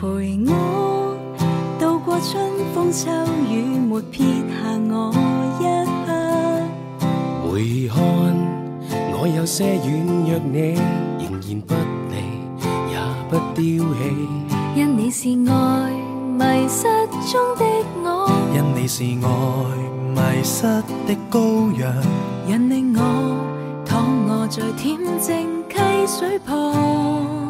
陪我渡過春風秋雨，沒撇下我一刻。回看我有些軟弱你，你仍然不離也不丟棄。因你是愛迷失中的我，因你是愛迷失的羔羊，引領我躺臥在恬靜溪水旁。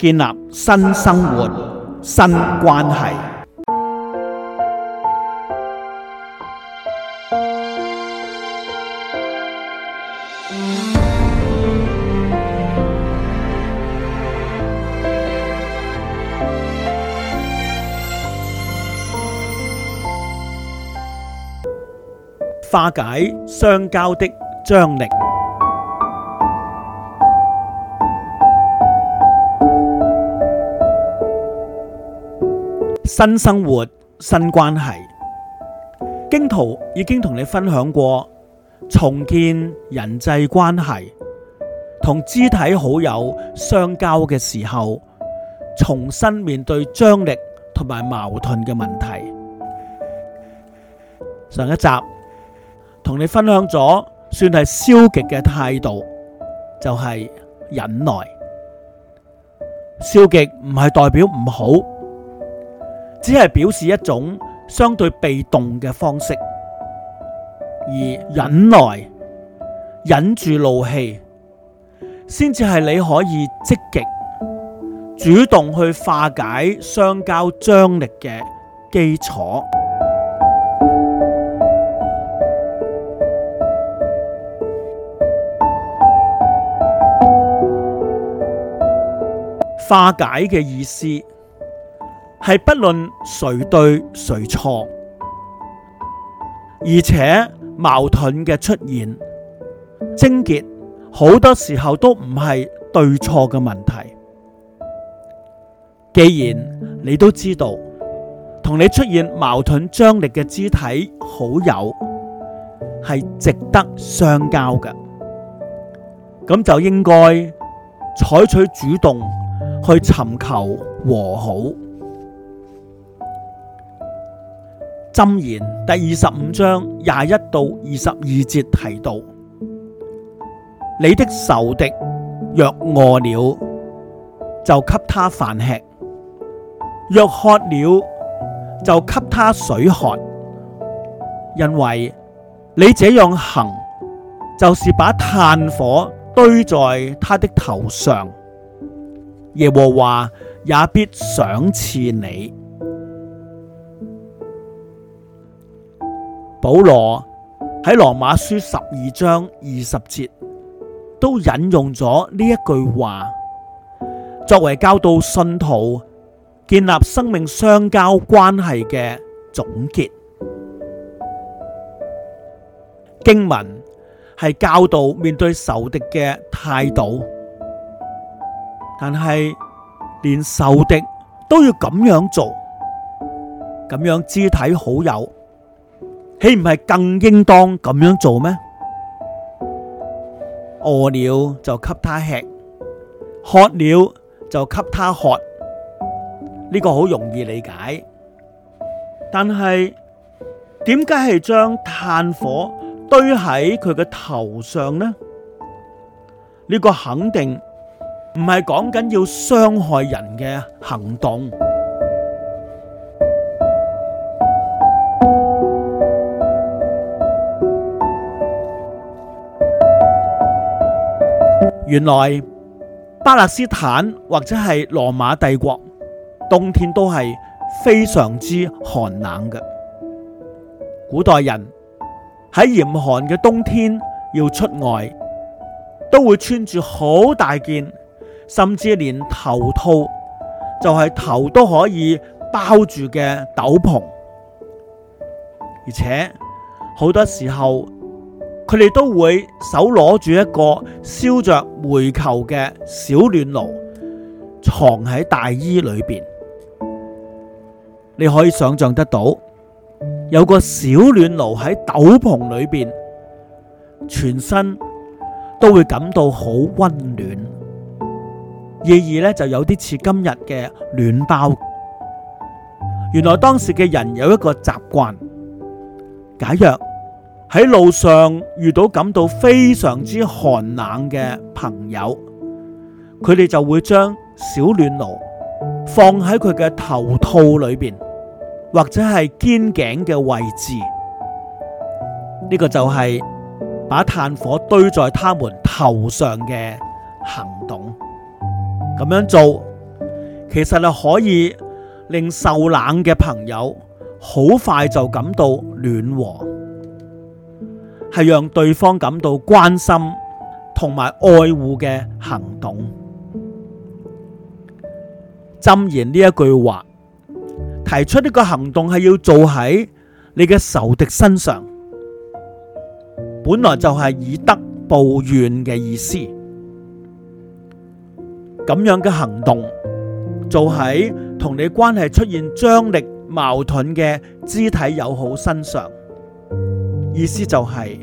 建立新生活、新關係，化解相交的張力。新生活、新關係，荊徒已經同你分享過重建人際關係，同肢體好友相交嘅時候，重新面對張力同埋矛盾嘅問題。上一集同你分享咗，算係消極嘅態度，就係、是、忍耐。消極唔係代表唔好。只係表示一種相對被動嘅方式，而忍耐、忍住怒氣，先至係你可以積極主動去化解相交張力嘅基礎。化解嘅意思，係不論誰對誰錯，而且矛盾嘅出現，癥結好多時候都唔係對錯嘅問題。既然你都知道同你出現矛盾張力嘅肢體好友係值得相交嘅，咁就應該採取主動去尋求和好。箴言第二十五章廿一到二十二節提到：你的仇敵若餓了，就給他飯吃；若渴了，就給他水喝。因為你這樣行，就是把炭火堆在他的頭上。耶和華也必賞賜你。保羅喺羅馬書十二章二十節都引用咗呢一句話，作為教導信徒建立生命相交關係嘅總結。經文係教導面對仇敵嘅態度，但係連仇敵都要咁樣做，咁樣肢體好友。豈唔係更應當咁樣做咩？餓了就給他吃，渴了就給他喝，呢個好容易理解。但係點解係將炭火堆喺佢嘅頭上呢？呢個肯定唔係講緊要傷害人嘅行動。原來巴勒斯坦或者係羅馬帝國，冬天都係非常之寒冷嘅。古代人喺嚴寒嘅冬天要出外，都會穿住好大件，甚至連頭套，就係頭都可以包住嘅斗篷，而且好多時候。佢哋都會手攞住一個燒着煤球嘅小暖爐，藏喺大衣裏邊。你可以想象得到，有個小暖爐喺斗篷裏邊，全身都會感到好溫暖。意義呢就有啲似今日嘅暖包。原來當時嘅人有一個習慣，假如。喺路上遇到感到非常之寒冷嘅朋友，佢哋就會將小暖爐放喺佢嘅頭套裏邊，或者係肩頸嘅位置。呢個就係把炭火堆在他們頭上嘅行動。咁樣做，其實係可以令受冷嘅朋友好快就感到暖和。係讓對方感到關心同埋愛護嘅行動。箴言呢一句話，提出呢個行動係要做喺你嘅仇敵身上，本來就係以德報怨嘅意思。咁樣嘅行動，做喺同你關係出現張力矛盾嘅肢體友好身上。意思就係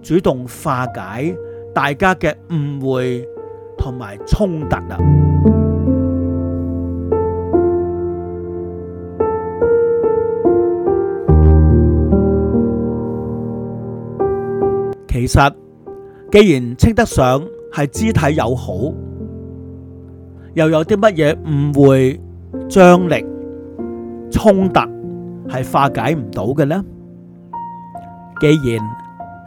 主動化解大家嘅誤會同埋衝突啦。其實，既然稱得上係肢體好友，又有啲乜嘢誤會、張力、衝突係化解唔到嘅呢？既然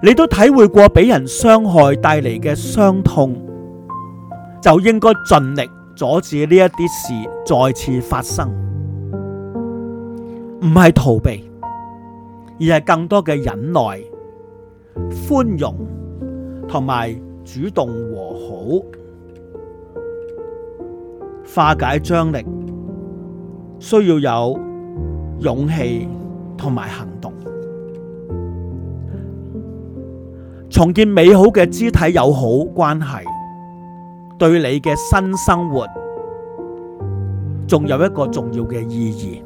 你都體會過俾人傷害帶嚟嘅傷痛，就應該盡力阻止呢一啲事再次發生，唔係逃避，而係更多嘅忍耐、寬容同埋主動和好，化解張力，需要有勇氣同埋行動。重建美好嘅肢體友好關係，對你嘅新生活仲有一個重要嘅意義。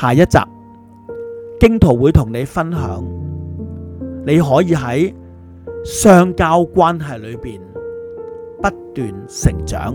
下一集荊徒會同你分享，你可以喺相交關係裏邊不斷成長。